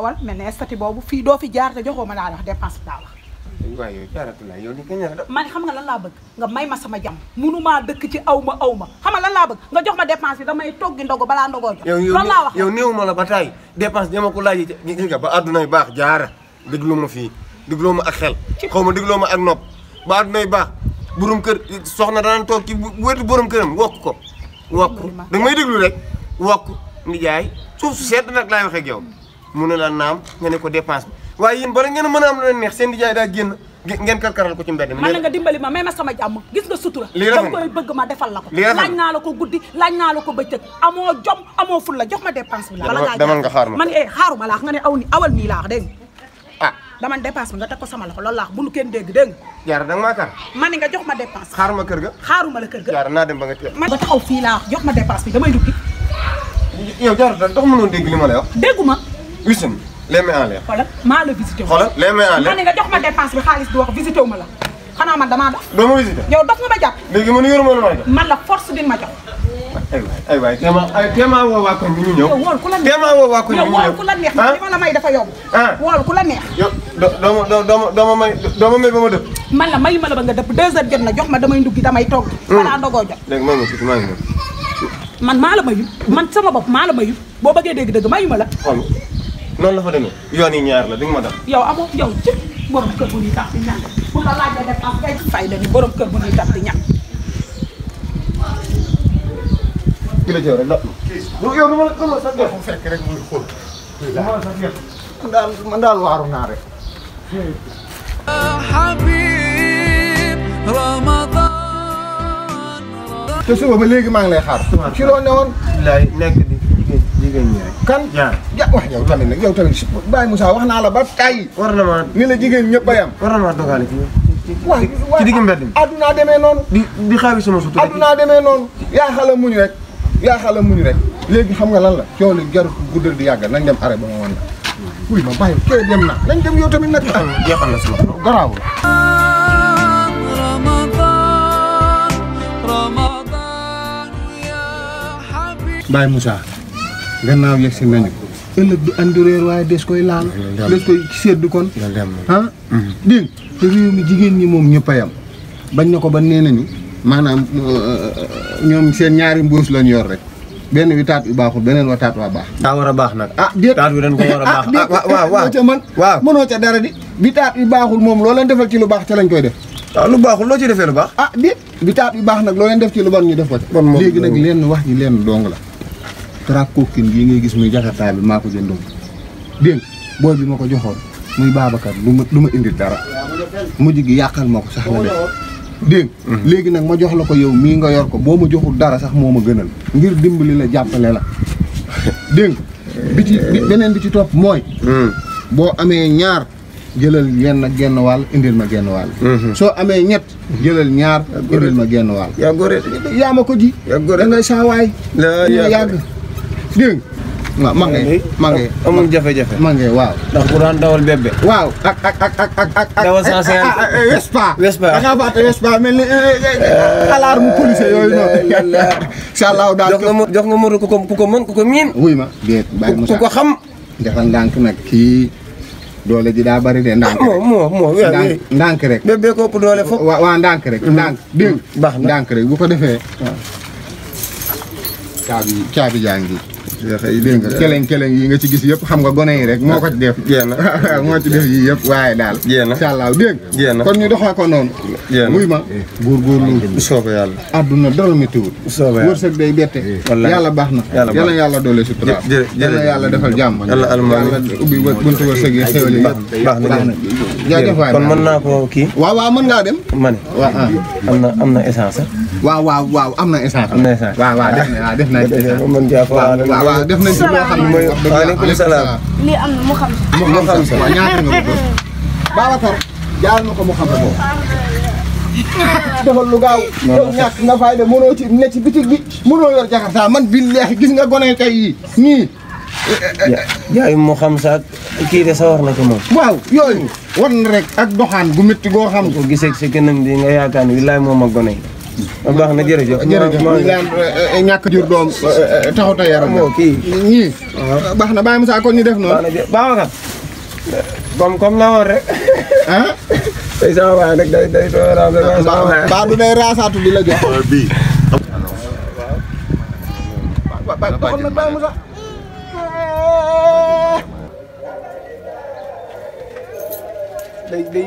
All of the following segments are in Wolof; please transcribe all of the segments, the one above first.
taxawal mel ne stati boobu fii doo fi jaar te joxoo a laa wax dépense bi laa wax waaw yow man xam nga lan laa bëgg nga may ma sama jàmm munumaa dëkk ci aw ma aw ma xam nga lan laa bëgg nga jox ma dépense bi damay toggi ndogu balaa ndogoo jox loolu laa wax yow néew ma la ba taay dépense dama ko laaj gis nga ba addunay baax jaara déglu ma fii dégloo ma ak xel xaw ma dégloo ma ak nopp ba addunay baax borom kër soxna danaan toog ci wetu borom këram wokk ko wokk danga may lu rek wokk ni jaay suuf su sedd nag laay waxee ak yow mu la nam nga ne ko dépense bi yeen bo la ngeen mën am lu neex seen dijay da genn ngeen karal ko ci mbedd man nga dimbali ma may ma sama jamm gis nga sutura da koy bëgg ma defal la ko laaj naa la ko guddi lañ na la ko beccëk amo jom amo ful la jox ma dépense bi la bala ngaa demal nga xaar ma man eh xaaruma la nga ne aw ni awal la wax dégg ah dama dépense nga teg ko sama loxo la wax bu lu kenn dégg dégg yar da nga maa kar man nga jox ma dépense xaaruma kër ga xaaruma la kër ga yar na dem ba nga teel ba taxaw fi la wax jox ma dépense bi damay dukki yow jaar da dox mënon dégg li ma lay wax dégguma usine les mains en l'air. xoolal maa la visité. xoolal les mains ma dépense bi xaalis bi wax visité wu ma la. xanaa man ma visité yow dof nga ma jàpp. léegi man yoruma lu may dof. man la force bi ma jox. aywa aywa ay téema ay téema ñëw. wool ku la neex téema la neex. may dafa yomb. ah wool ku la neex. yow doo ma doo ma may doo ma ma dëpp. man la ba nga dëpp na jox ma damay nduggi damay togg. Hmm. balaa ndogoo jot. léegi maa man maa la mayu man sama bopp maa la mayu boo bëggee dégg-dëgg mayu ma la. non la fa demé yoni ñaar la ding ma def. yow amo yow ci borom keur bu ni tax di ñaan bu la laajee def am ngay fay ni borom keur bu ni tax di ñaan. ki la jëw rek la. yow yow dama dama la sax def mu fekk rek muy xool. dama man daal man daal waaru naa rek. suba ba ngi lay xaar. ci lay di jigéen kan ya, ya wah ya tamit nag ya tamit Baye Moussa wax naa la ba tay war na ma ni la jigéen ñëpp a war na ma dogaale ci ci mbedd di di xaawi sama sutura addunaa demee noonu. yaa xala muñu rek yaa xala muñu rek léegi xam nga lan la coow li jarul guddal di yàggal nañ dem arrêt ba ma la. wuy ma bàyyi kee dem na nañ dem yow tamit jeexal na sama gannaaw yegsi nañu ëlëk du andi reer waaye des koy laal des koy seddu kon ah dégg te réew mi jigéen ñi moom ñëpp yam bañ na ko ba nee nañu maanaam euh, euh, euh, ñoom seen ñaari mbuus lañ yor rek benn wi taat bi baaxul beneen wa taat wa baax daa war a baax nag ah déet taat bi dañ ko war a ah, baax ah, waaw waaw ca man waaw mënoo ca dara di bi taat bi baaxul moom loo leen defal ci lu baax ca lañ koy def waaw ah, lu baaxul loo ci defee lu baax ah déet bi taat bi baax nag loo leen def ci lu bon ñu def ko ca léegi nag lenn wax ji lenn dong la track kokkin gii ngay gis muy jakartaa bi maa ko jëndoon booy bi ma ko joxoon muy Babacar lu ma lu ma indil dara mujj gi yàqal ma ko sax la def dégg mm-hmm. léegi nag ma jox la ko yow mii nga yor ko boo ma joxul dara sax moo ma gënal ngir dimbali la jàppale la dégg bi beneen bi ci topp mooy mm-hmm. boo amee ñaar jëlal genn genn wàll indil ma genn wàll mm-hmm. soo amee ñett jëlal ñaar indil ma genn wàll yaa ma ko ji da saawaay yaa yàgg dégg nga waaw mangé mangé amul jafe waaw ndax ku daan dawal bébé waaw ak ak ak ak ak ak dawal cent cinquante eh, eh, eh, Vespa Vespa da ngaa mel ni alarme police yooyu noonu inshallah daal jox nga moro ku ko ku ko mën ku ko miin wuy ma déet bàyyi mu ku ko xam ndànk nag kii doole ji daa bari de ndànk ah, rek ndànk rek bébé ko ëpp doole foofu waaw ndànk rek mm-hmm. ndànk dégg baax ndànk rek bu ko defee ah. caabi caabi jaa keleng keleng yi nga ci gis yëpp xam nga gone yi rek moo ko ci def jéena waaw moo ci def yi yëpp waaye daal jéena sàllaaw dégg jéena kon ñu doxee ko noonu muy ma góorgóorlu sooba yàlla adduna dara météo wërsëg day baax na yàlla yàlla doole si turam yàlla yàlla defal jàmm yàlla ubbi buntu wërsëg yi xewal yi yëpp baax na jaajëf na kon mën naa ko kii waaw waaw mën ngaa dem ma ne ah. am na am na essence waaw waaw waaw am na essence. am na essence waaw waaw def na def na def nañ si loo xam ne mooy wax dëgg yàlla salaam. lii am na mu xam si. mu xam si waaw ñaata nga ko. Babacar jaar na ko mu xam sa bopp. defal lu gaaw. yow ñàkk nga fay de mënoo ci ne ci bitig bi mënoo yor jakarta man billahi gis nga gone tey yii nii. yaay mu xam sax kii de sawar na ci moom. waaw yooyu war na rek ak doxaan gu métti goo xam. ko gisee si kanam bi nga yaakaar ne wilaay moom ak gone yi. Ah, baax na jërëjëf. jërëjëf ñu eh, eh, ñàkk jur doom eh, taxaw ta yaram. moo ñii. Ah. baax na Baye Moussa kon ñu def noonu. baax na comme comme na ah. baay nag day day tooy raam baax la jox. bii. doxal na Baye Moussa. day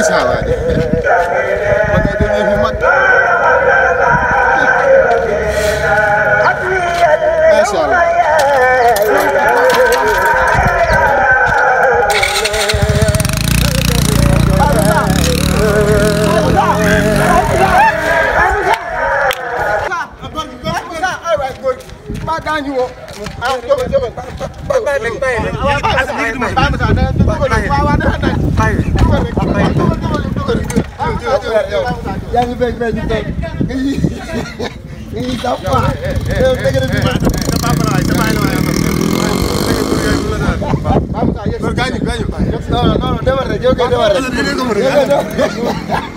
lay saa waay ba ngay demee fi mag. yaa ngi feeñ feeñ ñu toog nga ñuy nga ñuy sax quoi. yow dëgg la bi. waaw waaw waaw waaw